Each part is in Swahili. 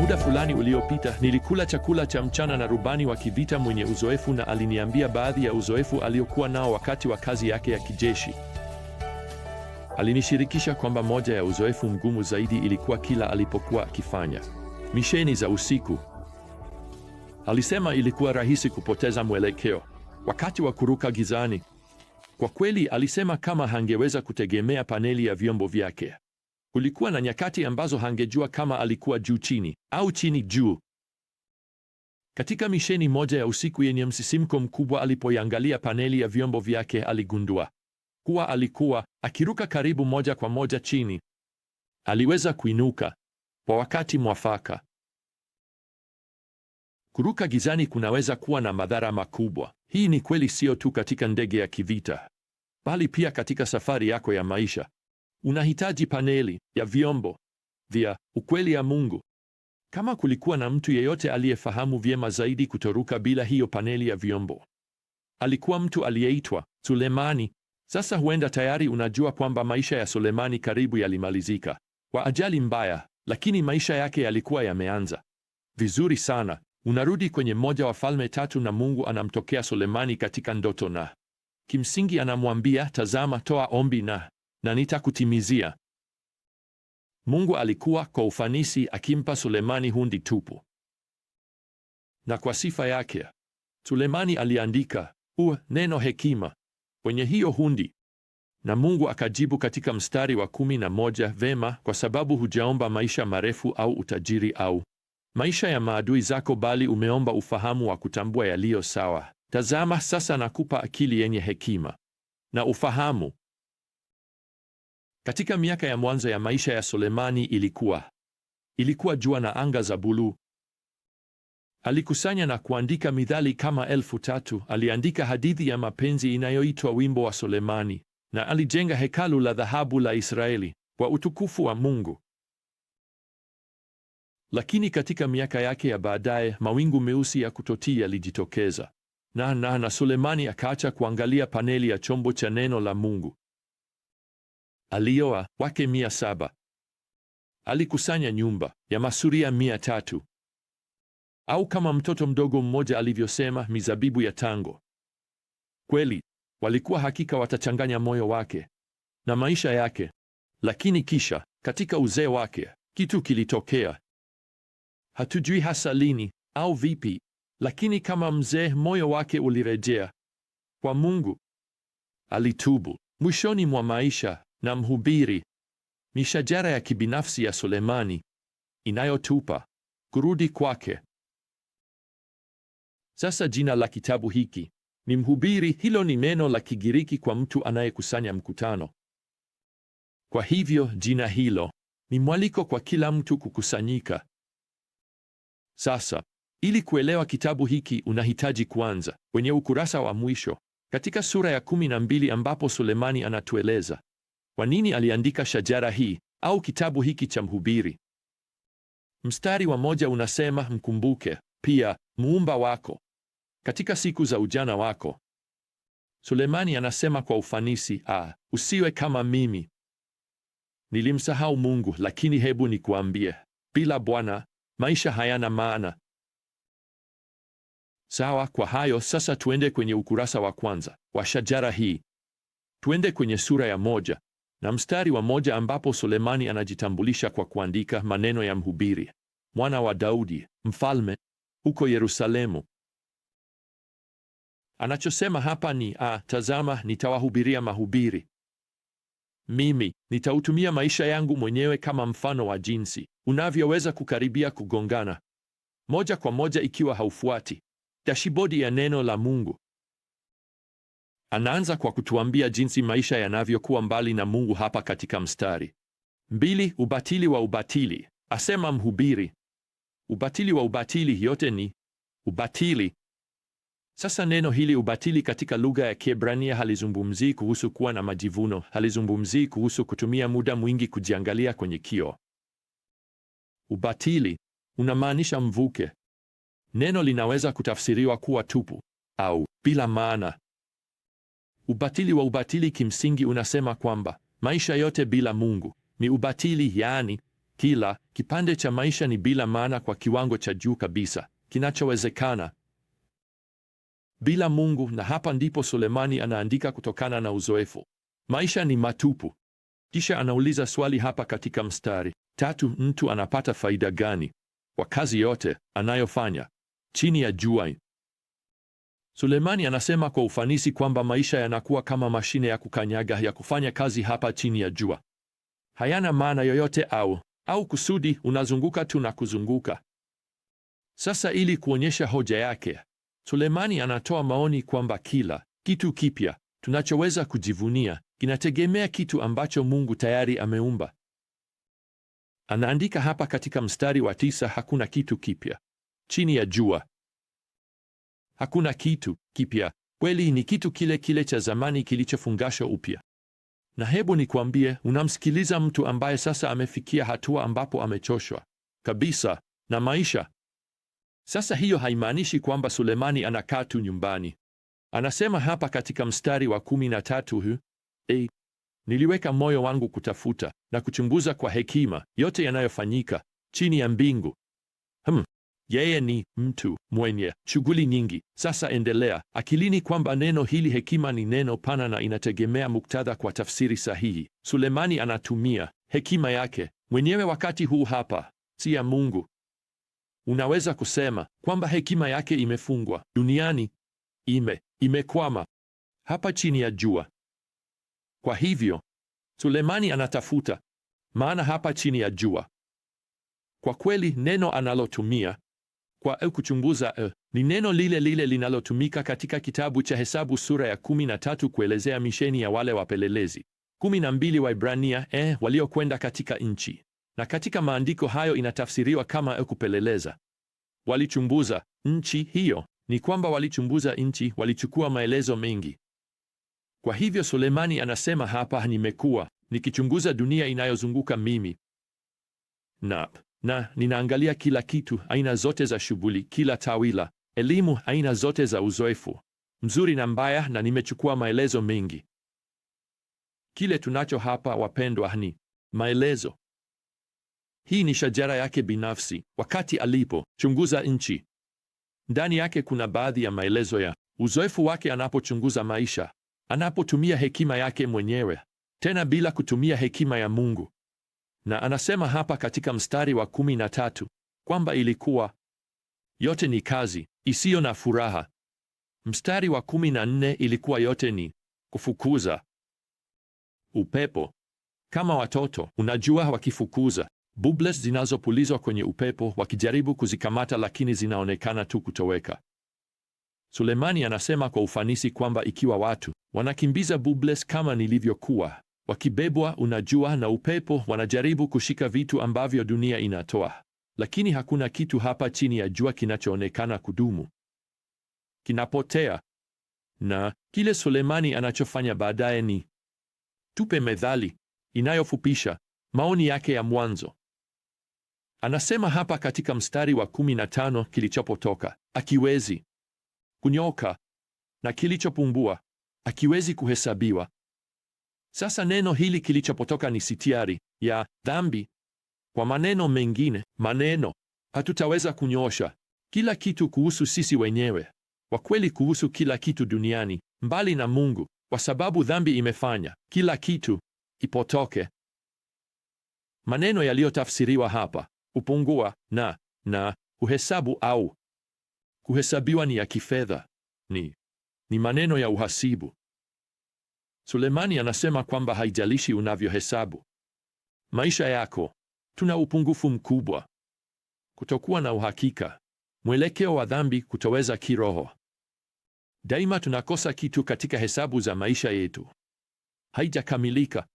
Muda fulani uliopita nilikula chakula cha mchana na rubani wa kivita mwenye uzoefu, na aliniambia baadhi ya uzoefu aliokuwa nao wakati wa kazi yake ya kijeshi. Alinishirikisha kwamba moja ya uzoefu mgumu zaidi ilikuwa kila alipokuwa akifanya misheni za usiku. Alisema ilikuwa rahisi kupoteza mwelekeo wakati wa kuruka gizani. Kwa kweli, alisema kama hangeweza kutegemea paneli ya vyombo vyake Kulikuwa na nyakati ambazo hangejua kama alikuwa juu chini au chini juu. Katika misheni moja ya usiku yenye msisimko mkubwa, alipoiangalia paneli ya vyombo vyake, aligundua kuwa alikuwa akiruka karibu moja kwa moja chini. Aliweza kuinuka kwa wakati mwafaka. Kuruka gizani kunaweza kuwa na madhara makubwa. Hii ni kweli sio tu katika ndege ya kivita, bali pia katika safari yako ya maisha. Unahitaji paneli ya vyombo vya ukweli ya Mungu. Kama kulikuwa na mtu yeyote aliyefahamu vyema zaidi kutoruka bila hiyo paneli ya vyombo, alikuwa mtu aliyeitwa Sulemani. Sasa huenda tayari unajua kwamba maisha ya Sulemani karibu yalimalizika kwa ajali mbaya, lakini maisha yake yalikuwa yameanza vizuri sana. Unarudi kwenye mmoja wa Falme tatu na Mungu anamtokea Sulemani katika ndoto na kimsingi anamwambia, tazama, toa ombi na na nitakutimizia. Mungu alikuwa kwa ufanisi akimpa Sulemani hundi tupu, na kwa sifa yake Sulemani aliandika u neno hekima kwenye hiyo hundi, na Mungu akajibu katika mstari wa kumi na moja vema, kwa sababu hujaomba maisha marefu au utajiri au maisha ya maadui zako, bali umeomba ufahamu wa kutambua yaliyo sawa. Tazama sasa nakupa akili yenye hekima na ufahamu katika miaka ya mwanzo ya maisha ya Sulemani ilikuwa ilikuwa jua na anga za buluu. Alikusanya na kuandika midhali kama elfu tatu. Aliandika hadithi ya mapenzi inayoitwa Wimbo wa Sulemani, na alijenga hekalu la dhahabu la Israeli kwa utukufu wa Mungu. Lakini katika miaka yake ya baadaye mawingu meusi ya kutotii yalijitokeza na na na Sulemani akaacha kuangalia paneli ya chombo cha neno la Mungu alioa wake mia saba. Alikusanya nyumba ya masuria mia tatu au kama mtoto mdogo mmoja alivyosema, mizabibu ya tango. Kweli walikuwa hakika watachanganya moyo wake na maisha yake, lakini kisha katika uzee wake kitu kilitokea. Hatujui hasa lini au vipi, lakini kama mzee, moyo wake ulirejea kwa Mungu. Alitubu mwishoni mwa maisha na mhubiri. mishajara ya kibinafsi ya Sulemani inayotupa kurudi kwake. Sasa jina la kitabu hiki ni Mhubiri. Hilo ni neno la Kigiriki kwa mtu anayekusanya mkutano. Kwa hivyo jina hilo ni mwaliko kwa kila mtu kukusanyika. Sasa ili kuelewa kitabu hiki unahitaji kwanza kwenye ukurasa wa mwisho katika sura ya kumi na mbili ambapo Sulemani anatueleza kwa nini aliandika shajara hii au kitabu hiki cha Mhubiri? Mstari wa moja unasema, mkumbuke pia muumba wako katika siku za ujana wako. Sulemani anasema kwa ufanisi, ah, usiwe kama mimi, nilimsahau Mungu. Lakini hebu nikuambie, bila Bwana maisha hayana maana. Sawa, kwa hayo sasa tuende kwenye ukurasa wa kwanza wa shajara hii, tuende kwenye sura ya moja na mstari wa moja ambapo Sulemani anajitambulisha kwa kuandika maneno ya mhubiri, mwana wa Daudi, mfalme huko Yerusalemu. Anachosema hapa ni a, tazama, nitawahubiria mahubiri mimi nitautumia maisha yangu mwenyewe kama mfano wa jinsi unavyoweza kukaribia kugongana moja kwa moja ikiwa haufuati dashibodi ya neno la Mungu. Anaanza kwa kutuambia jinsi maisha yanavyokuwa mbali na Mungu hapa katika mstari mbili. Ubatili wa ubatili, asema mhubiri. Ubatili wa ubatili, yote ni ubatili. Sasa neno hili ubatili katika lugha ya Kiebrania halizungumzii kuhusu kuwa na majivuno, halizungumzii kuhusu kutumia muda mwingi kujiangalia kwenye kioo. Ubatili unamaanisha mvuke. Neno linaweza kutafsiriwa kuwa tupu au bila maana. Ubatili wa ubatili kimsingi unasema kwamba maisha yote bila Mungu ni ubatili, yaani kila kipande cha maisha ni bila maana kwa kiwango cha juu kabisa kinachowezekana bila Mungu. Na hapa ndipo Sulemani anaandika kutokana na uzoefu, maisha ni matupu. Kisha anauliza swali hapa katika mstari tatu, mtu anapata faida gani kwa kazi yote anayofanya chini ya jua? Sulemani anasema kwa ufanisi kwamba maisha yanakuwa kama mashine ya kukanyaga ya kufanya kazi hapa chini ya jua, hayana maana yoyote au au kusudi, unazunguka tu na kuzunguka. Sasa, ili kuonyesha hoja yake, Sulemani anatoa maoni kwamba kila kitu kipya tunachoweza kujivunia kinategemea kitu ambacho Mungu tayari ameumba. Anaandika hapa katika mstari wa tisa, hakuna kitu kipya chini ya jua. Hakuna kitu kipya, kweli ni kitu kile kile cha zamani kilichofungashwa upya. Na hebu nikwambie, unamsikiliza mtu ambaye sasa amefikia hatua ambapo amechoshwa kabisa na maisha. Sasa hiyo haimaanishi kwamba Sulemani anakaa tu nyumbani. Anasema hapa katika mstari wa kumi na tatu hu e, niliweka moyo wangu kutafuta na kuchunguza kwa hekima yote yanayofanyika chini ya mbingu. Hmm, yeye ni mtu mwenye shughuli nyingi. Sasa endelea akilini kwamba neno hili hekima ni neno pana na inategemea muktadha kwa tafsiri sahihi. Sulemani anatumia hekima yake mwenyewe wakati huu hapa, si ya Mungu. Unaweza kusema kwamba hekima yake imefungwa duniani, ime imekwama hapa chini ya jua. Kwa hivyo Sulemani anatafuta maana hapa chini ya jua. Kwa kweli neno analotumia kwa au kuchunguza e ni neno lile lile linalotumika katika kitabu cha Hesabu sura ya kumi na tatu kuelezea misheni ya wale wapelelezi kumi na mbili Ibrania e waliokwenda katika nchi, na katika maandiko hayo inatafsiriwa kama e kupeleleza. Walichunguza nchi hiyo, ni kwamba walichunguza nchi, walichukua maelezo mengi. Kwa hivyo Sulemani anasema hapa, nimekuwa nikichunguza dunia inayozunguka mimi Nap na ninaangalia kila kitu, aina zote za shughuli, kila tawi la elimu, aina zote za uzoefu mzuri na mbaya, na nimechukua maelezo mengi. Kile tunacho hapa, wapendwa, ni maelezo. Hii ni shajara yake binafsi. Wakati alipochunguza nchi, ndani yake kuna baadhi ya maelezo ya uzoefu wake anapochunguza maisha, anapotumia hekima yake mwenyewe, tena bila kutumia hekima ya Mungu na anasema hapa katika mstari wa kumi na tatu kwamba ilikuwa yote ni kazi isiyo na furaha. Mstari wa kumi na nne ilikuwa yote ni kufukuza upepo kama watoto, unajua, wakifukuza bubbles zinazopulizwa kwenye upepo, wakijaribu kuzikamata, lakini zinaonekana tu kutoweka. Sulemani anasema kwa ufanisi kwamba ikiwa watu wanakimbiza bubbles kama nilivyokuwa wakibebwa, unajua, na upepo, wanajaribu kushika vitu ambavyo dunia inatoa, lakini hakuna kitu hapa chini ya jua kinachoonekana kudumu, kinapotea. Na kile Sulemani anachofanya baadaye ni tupe methali inayofupisha maoni yake ya mwanzo. Anasema hapa katika mstari wa 15, kilichopotoka akiwezi kunyoka na kilichopungua akiwezi kuhesabiwa. Sasa neno hili kilichopotoka ni sitiari ya dhambi. Kwa maneno mengine, maneno hatutaweza kunyosha kila kitu kuhusu sisi wenyewe, kwa kweli kuhusu kila kitu duniani mbali na Mungu, kwa sababu dhambi imefanya kila kitu ipotoke. Maneno yaliyotafsiriwa hapa upungua na na uhesabu au kuhesabiwa ni ya kifedha, ni ni maneno ya uhasibu Sulemani anasema kwamba haijalishi unavyohesabu maisha yako, tuna upungufu mkubwa. Kutokuwa na uhakika, mwelekeo wa dhambi, kutoweza kiroho. Daima tunakosa kitu katika hesabu za maisha yetu, haijakamilika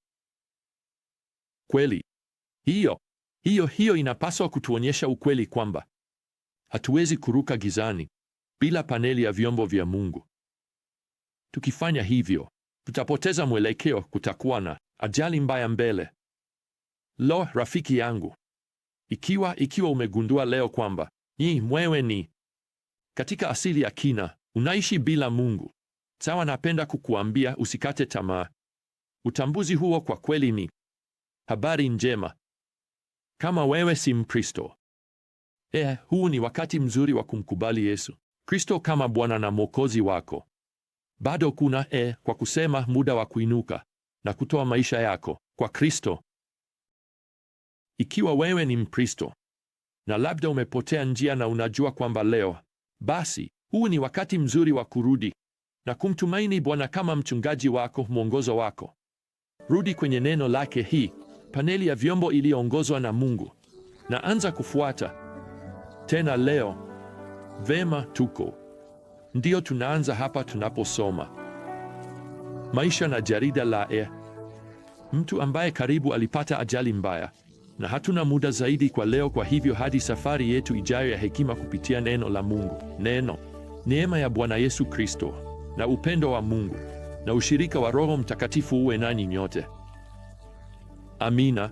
kweli. Hiyo hiyo hiyo inapaswa kutuonyesha ukweli kwamba hatuwezi kuruka gizani bila paneli ya vyombo vya Mungu. Tukifanya hivyo tutapoteza mwelekeo, kutakuwa na ajali mbaya mbele. Lo, rafiki yangu, ikiwa ikiwa umegundua leo kwamba ni mwewe ni katika asili ya kina unaishi bila Mungu, sawa, napenda kukuambia usikate tamaa. Utambuzi huo kwa kweli ni habari njema. Kama wewe si Mkristo, eh, huu ni wakati mzuri wa kumkubali Yesu Kristo kama Bwana na Mwokozi wako. Bado kuna e kwa kusema muda wa kuinuka na kutoa maisha yako kwa Kristo, ikiwa wewe ni Mkristo na labda umepotea njia na unajua kwamba leo basi huu ni wakati mzuri wa kurudi na kumtumaini Bwana kama mchungaji wako, mwongozo wako. Rudi kwenye neno lake, hii paneli ya vyombo iliyoongozwa na Mungu, na anza kufuata tena leo. Vema, tuko Ndiyo tunaanza hapa tunaposoma maisha na jarida la E, mtu ambaye karibu alipata ajali mbaya, na hatuna muda zaidi kwa leo. Kwa hivyo hadi safari yetu ijayo ya hekima kupitia neno la Mungu, neno neema ya Bwana Yesu Kristo na upendo wa Mungu na ushirika wa Roho Mtakatifu uwe nanyi nyote. Amina.